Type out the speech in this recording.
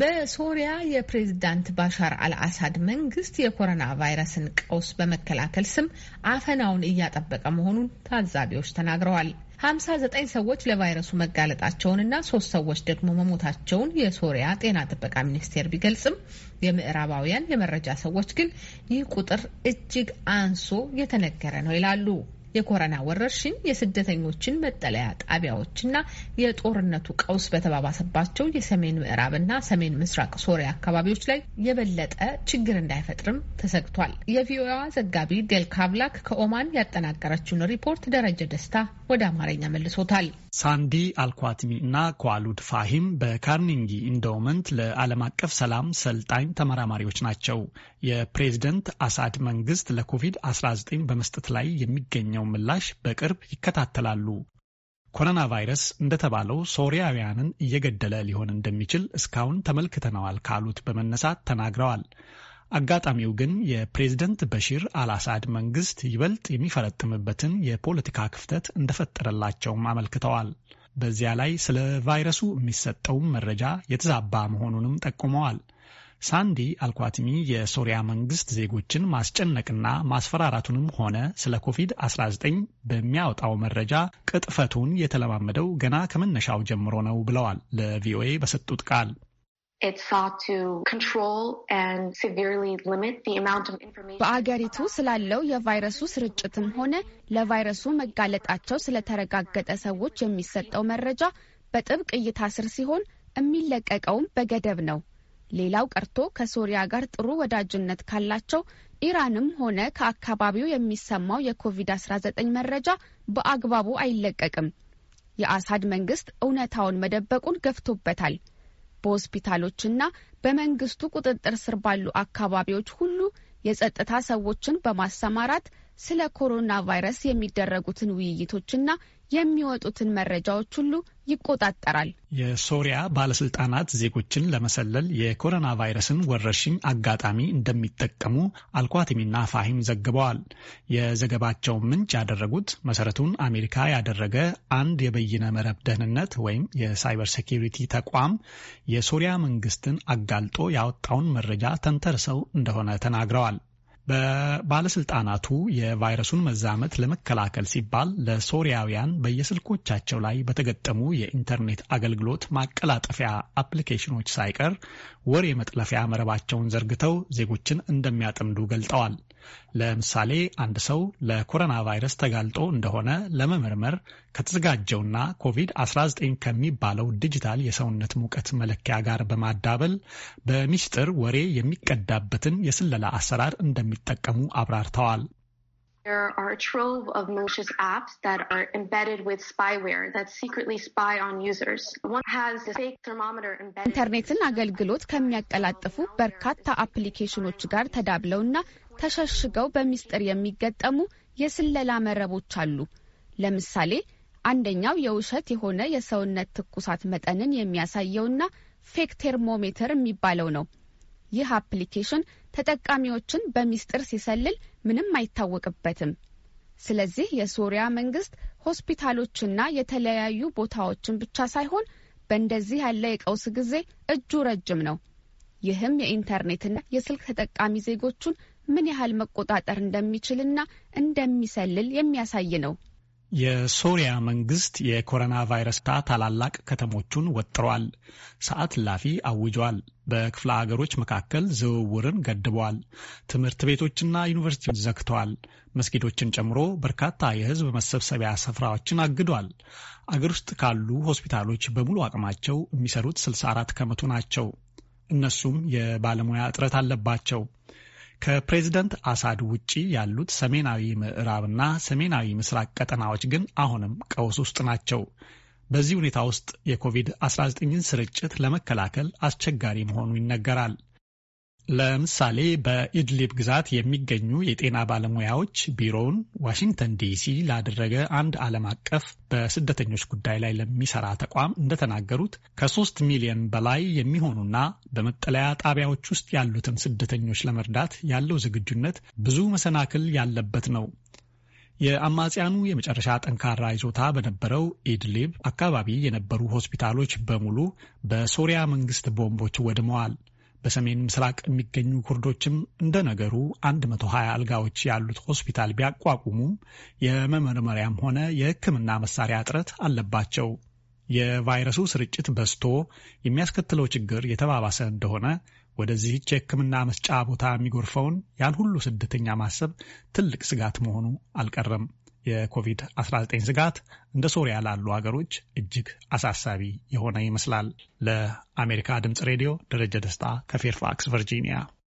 በሶሪያ የፕሬዝዳንት ባሻር አልአሳድ መንግስት የኮሮና ቫይረስን ቀውስ በመከላከል ስም አፈናውን እያጠበቀ መሆኑን ታዛቢዎች ተናግረዋል። 59 ሰዎች ለቫይረሱ መጋለጣቸውንና ሶስት ሰዎች ደግሞ መሞታቸውን የሶሪያ ጤና ጥበቃ ሚኒስቴር ቢገልጽም የምዕራባውያን የመረጃ ሰዎች ግን ይህ ቁጥር እጅግ አንሶ የተነገረ ነው ይላሉ። የኮረና ወረርሽኝ የስደተኞችን መጠለያ ጣቢያዎችና የጦርነቱ ቀውስ በተባባሰባቸው የሰሜን ምዕራብና ሰሜን ምስራቅ ሶሪያ አካባቢዎች ላይ የበለጠ ችግር እንዳይፈጥርም ተሰግቷል። የቪኦኤዋ ዘጋቢ ዴል ካቭላክ ከኦማን ያጠናቀረችውን ሪፖርት ደረጀ ደስታ ወደ አማርኛ መልሶታል። ሳንዲ አልኳትሚ እና ኳሉድ ፋሂም በካርኒንጊ ኢንዶውመንት ለዓለም አቀፍ ሰላም ሰልጣኝ ተመራማሪዎች ናቸው። የፕሬዝደንት አሳድ መንግስት ለኮቪድ-19 በመስጠት ላይ የሚገኘው የሚገኘውን ምላሽ በቅርብ ይከታተላሉ። ኮሮና ቫይረስ እንደተባለው ሶሪያውያንን እየገደለ ሊሆን እንደሚችል እስካሁን ተመልክተነዋል ካሉት በመነሳት ተናግረዋል። አጋጣሚው ግን የፕሬዝደንት በሺር አልአሳድ መንግስት ይበልጥ የሚፈረጥምበትን የፖለቲካ ክፍተት እንደፈጠረላቸውም አመልክተዋል። በዚያ ላይ ስለ ቫይረሱ የሚሰጠውም መረጃ የተዛባ መሆኑንም ጠቁመዋል። ሳንዲ አልኳትሚ የሶሪያ መንግስት ዜጎችን ማስጨነቅና ማስፈራራቱንም ሆነ ስለ ኮቪድ-19 በሚያወጣው መረጃ ቅጥፈቱን የተለማመደው ገና ከመነሻው ጀምሮ ነው ብለዋል ለቪኦኤ በሰጡት ቃል። በአገሪቱ ስላለው የቫይረሱ ስርጭትም ሆነ ለቫይረሱ መጋለጣቸው ስለተረጋገጠ ሰዎች የሚሰጠው መረጃ በጥብቅ እይታ ስር ሲሆን የሚለቀቀውም በገደብ ነው። ሌላው ቀርቶ ከሶሪያ ጋር ጥሩ ወዳጅነት ካላቸው ኢራንም ሆነ ከአካባቢው የሚሰማው የኮቪድ-19 መረጃ በአግባቡ አይለቀቅም። የአሳድ መንግስት እውነታውን መደበቁን ገፍቶበታል። በሆስፒታሎችና በመንግስቱ ቁጥጥር ስር ባሉ አካባቢዎች ሁሉ የጸጥታ ሰዎችን በማሰማራት ስለ ኮሮና ቫይረስ የሚደረጉትን ውይይቶችና የሚወጡትን መረጃዎች ሁሉ ይቆጣጠራል። የሶሪያ ባለስልጣናት ዜጎችን ለመሰለል የኮሮና ቫይረስን ወረርሽኝ አጋጣሚ እንደሚጠቀሙ አልኳትሚና ፋሂም ዘግበዋል። የዘገባቸውን ምንጭ ያደረጉት መሰረቱን አሜሪካ ያደረገ አንድ የበይነ መረብ ደህንነት ወይም የሳይበር ሴኪሪቲ ተቋም የሶሪያ መንግስትን አጋልጦ ያወጣውን መረጃ ተንተርሰው እንደሆነ ተናግረዋል። በባለስልጣናቱ የቫይረሱን መዛመት ለመከላከል ሲባል ለሶሪያውያን በየስልኮቻቸው ላይ በተገጠሙ የኢንተርኔት አገልግሎት ማቀላጠፊያ አፕሊኬሽኖች ሳይቀር ወሬ መጥለፊያ መረባቸውን ዘርግተው ዜጎችን እንደሚያጠምዱ ገልጠዋል። ለምሳሌ አንድ ሰው ለኮሮና ቫይረስ ተጋልጦ እንደሆነ ለመመርመር ከተዘጋጀውና ኮቪድ-19 ከሚባለው ዲጂታል የሰውነት ሙቀት መለኪያ ጋር በማዳበል በሚስጥር ወሬ የሚቀዳበትን የስለላ አሰራር እንደሚጠቀሙ አብራርተዋል። There are a trove of malicious apps that are embedded with spyware that secretly spy on users. One has a fake thermometer embedded. ኢንተርኔትን አገልግሎት ከሚያቀላጥፉ በርካታ አፕሊኬሽኖች ጋር ተዳብለውና ተሸሽገው በሚስጥር የሚገጠሙ የስለላ መረቦች አሉ። ለምሳሌ አንደኛው የውሸት የሆነ የሰውነት ትኩሳት መጠንን የሚያሳየውና ፌክ ቴርሞሜትር የሚባለው ነው። ይህ አፕሊኬሽን ተጠቃሚዎችን በሚስጥር ሲሰልል ምንም አይታወቅበትም። ስለዚህ የሶሪያ መንግስት ሆስፒታሎችና የተለያዩ ቦታዎችን ብቻ ሳይሆን በእንደዚህ ያለ የቀውስ ጊዜ እጁ ረጅም ነው። ይህም የኢንተርኔትና የስልክ ተጠቃሚ ዜጎቹን ምን ያህል መቆጣጠር እንደሚችልና እንደሚሰልል የሚያሳይ ነው። የሶሪያ መንግስት የኮሮና ቫይረስ ታላላቅ ከተሞቹን ወጥረዋል። ሰዓት ላፊ አውጇል። በክፍለ ሀገሮች መካከል ዝውውርን ገድበዋል። ትምህርት ቤቶችና ዩኒቨርሲቲዎች ዘግተዋል። መስጊዶችን ጨምሮ በርካታ የህዝብ መሰብሰቢያ ስፍራዎችን አግዷል። አገር ውስጥ ካሉ ሆስፒታሎች በሙሉ አቅማቸው የሚሰሩት 64 ከመቶ ናቸው። እነሱም የባለሙያ እጥረት አለባቸው። ከፕሬዝደንት አሳድ ውጪ ያሉት ሰሜናዊ ምዕራብና ሰሜናዊ ምስራቅ ቀጠናዎች ግን አሁንም ቀውስ ውስጥ ናቸው። በዚህ ሁኔታ ውስጥ የኮቪድ-19ን ስርጭት ለመከላከል አስቸጋሪ መሆኑ ይነገራል። ለምሳሌ በኢድሊብ ግዛት የሚገኙ የጤና ባለሙያዎች ቢሮውን ዋሽንግተን ዲሲ ላደረገ አንድ ዓለም አቀፍ በስደተኞች ጉዳይ ላይ ለሚሰራ ተቋም እንደተናገሩት ከሶስት ሚሊዮን በላይ የሚሆኑና በመጠለያ ጣቢያዎች ውስጥ ያሉትን ስደተኞች ለመርዳት ያለው ዝግጁነት ብዙ መሰናክል ያለበት ነው። የአማጽያኑ የመጨረሻ ጠንካራ ይዞታ በነበረው ኢድሊብ አካባቢ የነበሩ ሆስፒታሎች በሙሉ በሶሪያ መንግስት ቦምቦች ወድመዋል። በሰሜን ምስራቅ የሚገኙ ኩርዶችም እንደ ነገሩ 120 አልጋዎች ያሉት ሆስፒታል ቢያቋቁሙም የመመርመሪያም ሆነ የሕክምና መሳሪያ እጥረት አለባቸው። የቫይረሱ ስርጭት በዝቶ የሚያስከትለው ችግር የተባባሰ እንደሆነ ወደዚህች የሕክምና መስጫ ቦታ የሚጎርፈውን ያን ሁሉ ስደተኛ ማሰብ ትልቅ ስጋት መሆኑ አልቀረም። የኮቪድ-19 ስጋት እንደ ሶሪያ ላሉ ሀገሮች እጅግ አሳሳቢ የሆነ ይመስላል። ለአሜሪካ ድምፅ ሬዲዮ ደረጀ ደስታ ከፌርፋክስ ቨርጂኒያ